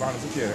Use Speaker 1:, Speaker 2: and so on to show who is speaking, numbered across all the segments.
Speaker 1: waren ze een keer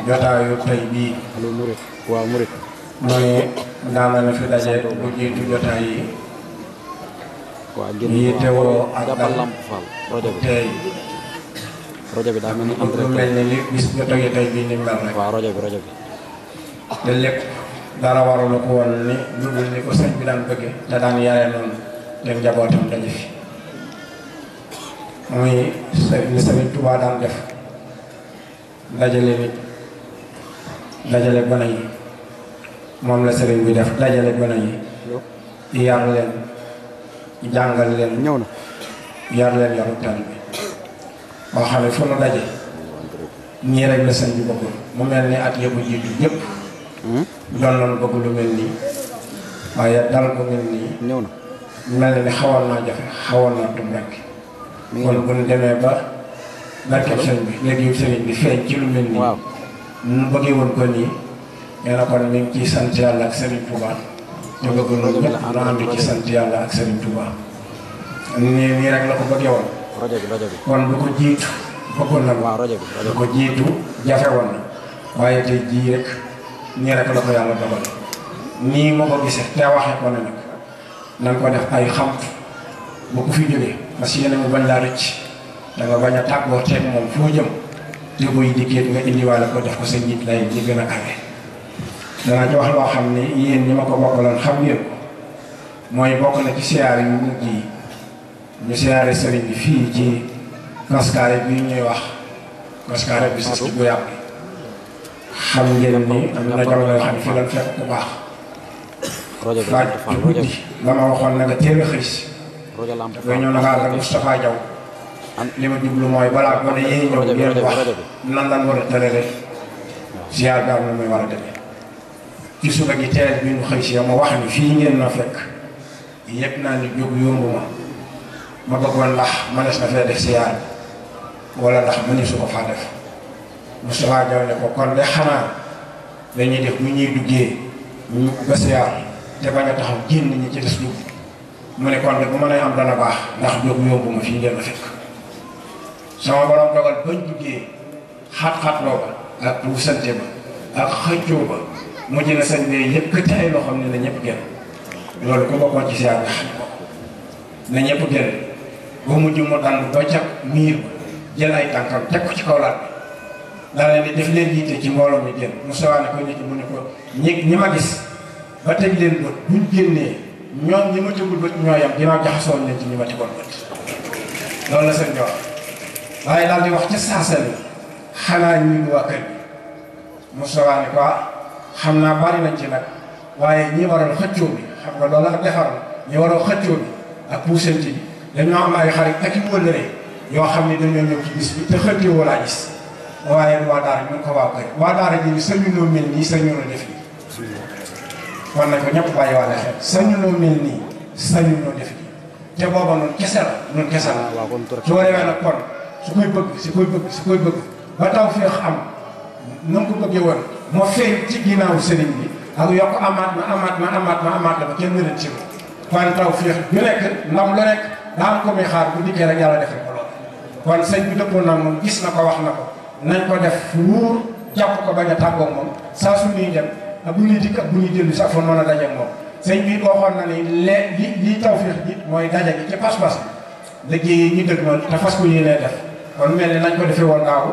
Speaker 1: jotaayu tey bii waaw murit mooy daanaka fi daje bu jiitu jotaay yi waaw ngeen ñi teewoo ak dal fal. rajo bi daa mel ni lu mel ni li bis nga toggee tey bii ni mel rek waaw rajo bi rajo bi te lépp dara warulu ko woon ni lu ni ko bi bëgge dem fi ni def dajale nit dajale gone yi moom la sëriñ bi def dajale gone yi yar leen jàngal leen ñëw na yar bi boo xam ne fu nu daje nii rek la sëñ bi bëggul mu mel ni at yëpp jiitu ñëpp hmm? doon nañu bëgg lu mel nii waaye dal bu mel nii na mel ni xawoon naa jafe xawoon naa tum rek kon bu ñu demee ba barkeb sëñ bi léegi sëriñ bi feeñ ci lu mel nii mu bëggee woon ko nii nee na kon mi ngi ciy sant yàlla ak Serigne Touba ñu bëgg loolu ñëpp ñu ànd ci sant yàlla ak Serigne Touba nii nii rek la ko bëggee won rajo bi rajo bi kon bu ko jiitu bëggoon na. waaw rajo bi rajo ko jiitu jafe won na waaye tey jii rek nii rek la ko yàlla dogal nii ma ko gisee te waxee ko ne nag ko def ay xam bu ko fi jógee parce que yéen bañ laa rëcc da nga jëm. te muy jigéen nga indiwaale ko def ko sa njiit lay ñi gën a amee danaa ci loo xam ne yéen ñi ma ko bokkaloon xam ngeen ko mooy bokk na ci siyaar yu mujj yi ñu siyaare sëriñ bi fii ci kaskaare bi ñuy wax kaskaare bi sas bu yàpp xam ngeen ni am na jamono xam ne fi lañ fekk ku baax waaj guddi la ma waxoon na nga teel a xëy si nga ñëw na nga ànd ak li ma jublu mooy balaa gone yi ñëw ngeen wax nan lan war a tërale ziar daal moom mooy war a demee ci suba gi teel bi ñu xëy si ma wax ni fii ngeen na fekk yëg naa ne jóg yomb ma ma bëggoon na fee def ziar wala ndax mënees ne kon de xanaa dañuy bu ñuy duggee ñu mu ne kon de bu ma lay am dana baax ndax jóg yomb ma fii ngeen na fekk. sama borom dogal bañ duggee xat-xat loo ba ak puusante ba ak xëccoo ba mujj na sañ bee yëkkati ay loo xam ne na ñëpp génn loolu ku bokkoon ci siyaar nga na ñëpp génn ba mujj mu dand ba jàpp ay tànkam teg ko ci def leen yitte ci mbooloo mi mu sawaane ko nit mu ne ko ñi ñi ma gis ba teg leen bët buñ génnee ñoom ñi ma tegul bët ñooyam dinaa jaxasoo leen ci ñi ma tegoon bët loolu la seen jox waaye daal di wax ca saasa bi xanaa ñun waa kër gi Moustapha ne quoi ah, xam naa bari nañ ci nag waaye ñi waral xëccoo bi xam nga ak defar ñi waral xëccoo bi ak puusante dañoo am ay xarit ak i wëllëre yoo xam ne dañoo ñëw ci bis bi te xëccoo wala gis waaye waa daara ñu ko waa kër waa daara ji sañu noo mel nii sañu noo def nii war na ko ñëpp bàyyi waale xel sañu noo mel nii sañu noo def nii te booba noonu kese la noonu kese la soo rewee nag kon su koy bëgg su koy bëgg su koy bëgg ba taw féex am na nga ko bëggee woon moo feeñ ci ginnaaw sëriñ bi ak yokk amat ma amat ma amat ma amaat la ba kenn mënat ci ko kon taw féex bu nekk ndam lu nekk daa am ko muy xaar bu dikkee rek yàlla defal ko lool kon sëñ bi dëppoon naa moom gis na ko wax na ko nañ ko def wóor jàpp ko bañ a tàggoo moom su ñuy dem ak bu ñuy ak bu ñuy dellu fa mën a daje moom bi waxoon na ni li li taw féex ji mooy daje ci pas-pas liggéey yi ñu dëgmal te fas ko ñu lay def kon mel ni nañ ko defee woon daaw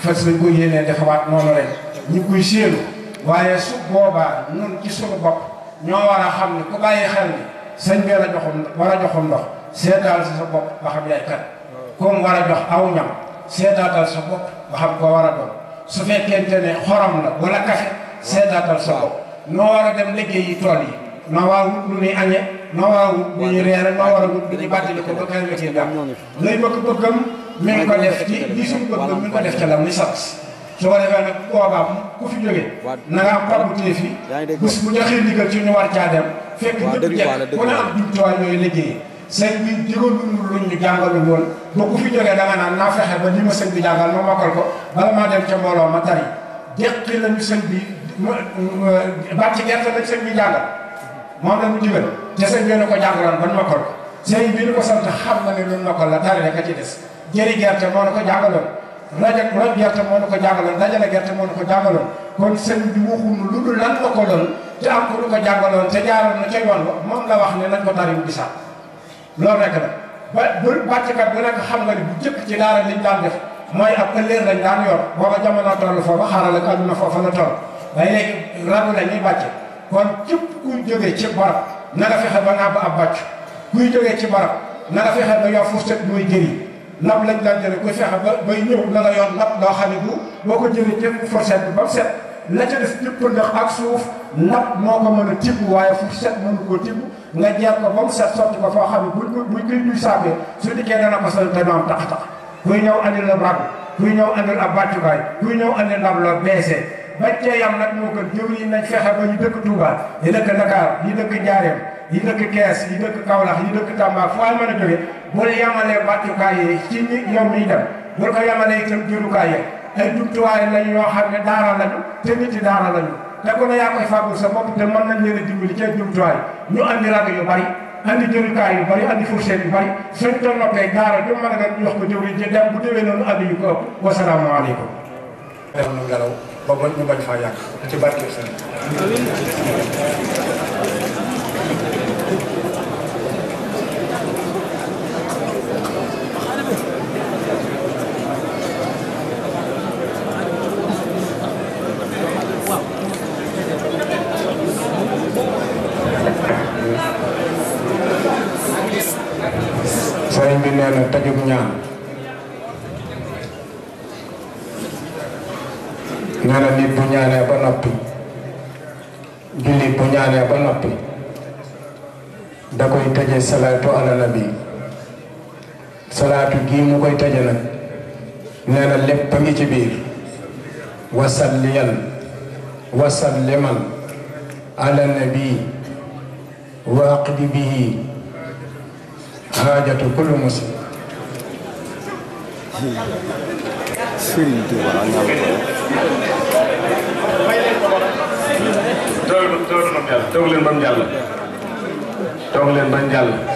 Speaker 1: fas nañ ko yéenee defawaat noonu rek ñu koy séenu waaye su boobaa nun ci suñu bopp ñoo war a xam ne ku bàyyi xel ni sëñ bi la joxum war a joxum ndox seetal si sa bopp ba xam yaay kat koom war a jox aw ñam seetaatal sa bopp ba xam ko war a doon su fekkente ne xorom la wala kafe seetaatal sa bopp noo war a dem liggéey yi tool yi noo waa wut lu ñuy añe noo waa wut lu ñuy reere noo war a wut lu ñuy bàttali ko ba kañ la cee gàmm lay bëgg bëggam mi ngi ko def ci di suñu bëgg mi ngi ko def ca lam li sax su ko defee nag boobaam ku fi jógee na nga am pabutéef yi bis bu joxee ndigal ci ñu war caa dem fekk ñëpp jekk ku ne am jumtuwaay yooyu liggéey sëñ bi digaluñu luñ ñu jàngalu woon ba da nga naan naa fexe ba li ma sëñ bi jàngal ma mokkal ko bala maa dem ca mbooloo ma tari sëñ bi bàcc gerte lañ sëñ bi jàngal moom mu digal te sëñ bi ne ko jàngaloon ban mokkal la tari rek a ci des jëri gerte moo nu ko jàngaloon rajo roj gerte moo na ko jàngaloon dajale gerte moo nu ko jàngaloon kon sëñ bi waxuñu lu dul lan la ko doon te am ku nu ko jàngaloon te jaaroon na ca yoon ba moom la wax ne nañ ko tari bu gisaat loolu rek la ba bu bàcckat bu nekk xam nga ni bu jëkk ci daara liñ daan def mooy ab ëllëg lañ daan yor booba jamono toll foofa xaaral ak àdduna foofa la toll waaye léegi rabu la ñuy bàcce kon képp kuy jógee ci barab na nga fexe ba nàbb ab bàcc kuy jógee ci barab na nga fexe ba yor fu sët muy ndam lañ daan jëlee nga fexe ba bay ñëw la la yoon ndam loo xam ne bu boo ko jëlee jëpp fourchette bi ba mu set la ca def jëpp ndax ak suuf ndab moo ko mën a tibb waaye fourchette mënu koo tibb nga jeer ko ba mu set sotti ko foo xam ne buñ ko buñ koy duy saabee su dikkee dana ko sol te noonu tax tax buy ñëw andil la rab buy ñëw andil ab bàccukaay buy ñëw andil ndam la beesee bañ cee yam moo gën jëw yi nañ fexe ba ñu dëkk Touba yi dëkk Dakar yi dëkk Njaareem yi dëkk Kees yi dëkk yi dëkk Tamba fu a bul yemale wàccukaay yi ci ñi yow miy dem bul ko yemale itam jurukaay yi ay jumtuwaay lañ yoo xam ne daara lañu te nit yi daara lañu te ku ne yaa koy fàggul sa bopp te mën nañ leen a dimbali jumtuwaay ñu andi rajo yu bari andi jërukaay yu bari andi fourchette yu bari suñ ko noppee daara du mën a dem jox ko jëwriñ ji dem bu déwee noonu andi yu ko ëpp wasalaamaaleykum ngelaw ba ba ñu bañ faa yàq ci barke seen bi nee ñaan nee na bu ñaanee ba noppi jullit bu ñaanee ba noppi da koy tëje salaatu ala nabi salaatu gii mu koy tëje nag nee na lépp ngi ci biir wasalliyan wasalliman ala nabi wa aqdi bihi haajatu kullu muslim Sëriñ Tuuba toog leen ba mu jàll toog leen ba jàll